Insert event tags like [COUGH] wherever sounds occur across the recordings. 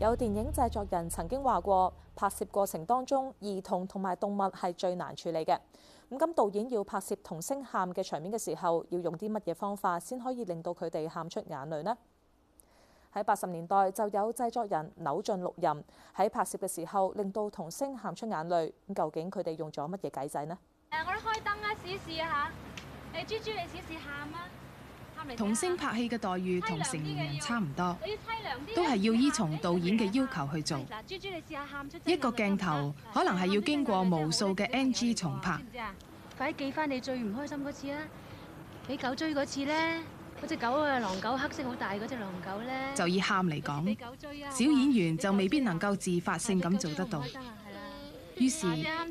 有電影製作人曾經話過，拍攝過程當中，兒童同埋動物係最難處理嘅。咁，導演要拍攝童星喊嘅場面嘅時候，要用啲乜嘢方法先可以令到佢哋喊出眼淚呢？喺八十年代就有製作人扭盡六壬，喺拍攝嘅時候令到童星喊出眼淚。咁究竟佢哋用咗乜嘢計仔呢？誒，我哋開燈啦，試試下。誒，豬豬，你試試喊啊！童星拍戲嘅待遇同成年人差唔多，都係要依從導演嘅要求去做。一個鏡頭可能係要經過無數嘅 NG 重拍。快記返你最唔開心嗰次啊！俾狗追嗰次呢，嗰隻狗啊，狼狗，黑色好大嗰隻狼狗呢，就以喊嚟講，小演員就未必能夠自發性咁做得到。於是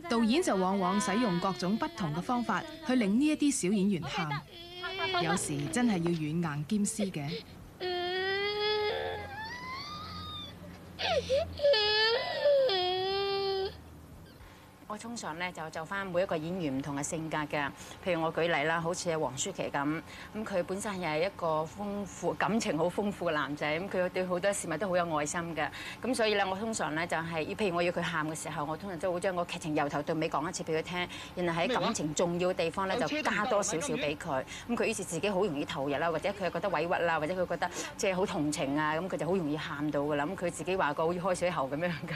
導演就往往使用各種不同嘅方法去令呢一啲小演員喊。有時真係要軟硬兼施嘅。 [NOISE] [NOISE] 我通常咧就就翻每一個演員唔同嘅性格嘅，譬如我舉例啦，好似阿黃舒淇咁，咁、嗯、佢本身又係一個豐富感情好豐富嘅男仔，咁、嗯、佢對好多事物都好有愛心嘅，咁、嗯、所以咧我通常咧就係、要，譬如我要佢喊嘅時候，我通常都會將個劇情由頭到尾講一次俾佢聽，然後喺感情重要嘅地方咧就加多少少俾佢，咁、嗯、佢於是自己好容易投入啦，或者佢覺得委屈啦，或者佢覺得即係好同情啊，咁、嗯、佢就好容易喊到噶啦，咁、嗯、佢自己話過好似開水喉咁樣㗎。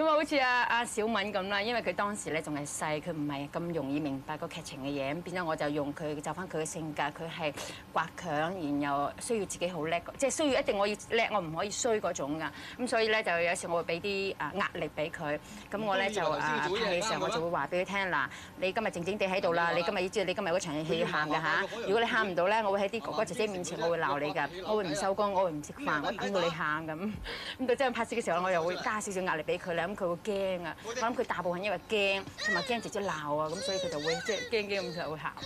咁好似阿阿小敏咁啦，因為佢當時咧仲係細，佢唔係咁容易明白個劇情嘅嘢，咁變咗我就用佢就翻佢嘅性格，佢係倔強，然後需要自己好叻，即係需要一定我要叻，我唔可以衰嗰種㗎。咁所以咧就有時我會俾啲啊壓力俾佢，咁我咧就啊拍戲嘅時候我就會話俾佢聽嗱，你今日靜靜地喺度啦，你今日要知你今日嗰場戲喊㗎吓，如果你喊唔到咧，我會喺啲哥哥姐姐面前我會鬧你㗎，我會唔收工，我會唔食飯，我等到你喊咁。咁到真係拍攝嘅時候我又會加少少壓力俾佢咧。佢會驚啊！我諗佢大部分因為驚，同埋驚姐姐鬧啊，咁所以佢就會即係驚驚咁就會喊。 [LAUGHS]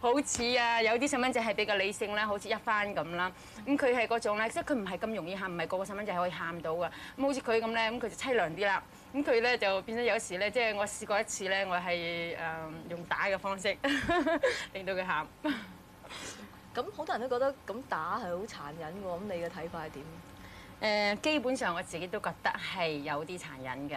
好似啊，有啲細蚊仔係比較理性咧，好似一翻咁啦。咁佢係嗰種咧，即係佢唔係咁容易喊，唔係個個細蚊仔可以喊到噶。咁、嗯、好似佢咁咧，咁佢就淒涼啲啦。咁佢咧就變咗有時咧，即係我試過一次咧，我係誒、呃、用打嘅方式 [LAUGHS] 令到佢喊。咁好 [LAUGHS] 多人都覺得咁打係好殘忍喎，咁你嘅睇法係點？誒 [MUSIC] 基本上我自己都覺得係有啲殘忍嘅，誒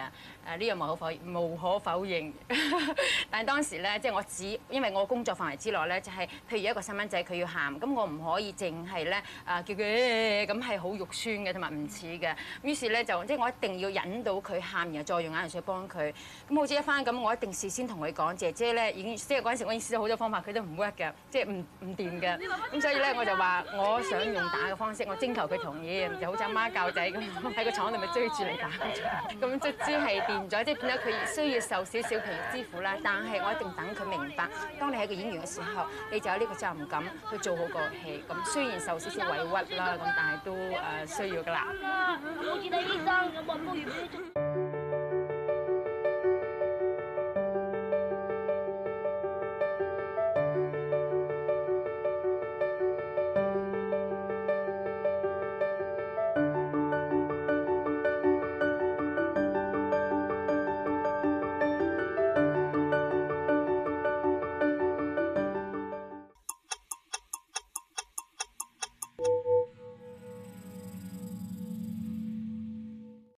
呢樣冇可否無可否認，否認 [LAUGHS] 但係，當時咧即係，我只因為我工作範圍之內咧，就係、是，譬如一個細蚊仔佢要喊，咁我唔可以淨係咧啊，叫佢咁係好肉酸嘅同埋唔似嘅。於是咧，就即係我一定要引到佢喊，然後再用眼淚水幫佢，咁好似一翻咁，我一定事先同佢講，姐姐咧已經即係，嗰陣時我已經試咗好多方法，佢都唔 work 嘅，即係唔唔掂嘅，咁所以咧我就話、啊、我想用打嘅方式，我徵求佢同意，就好似阿媽、媽。教仔咁喺個廠度咪追住你打咁， [LAUGHS] 即係變咗，即係變咗佢需要受少少皮之苦啦。但係我一定等佢明白，當你係一個演員嘅時候，你就有呢個責任感去做好個戲。咁雖然受少少委屈啦，咁但係都誒需要㗎啦。 [LAUGHS] [LAUGHS]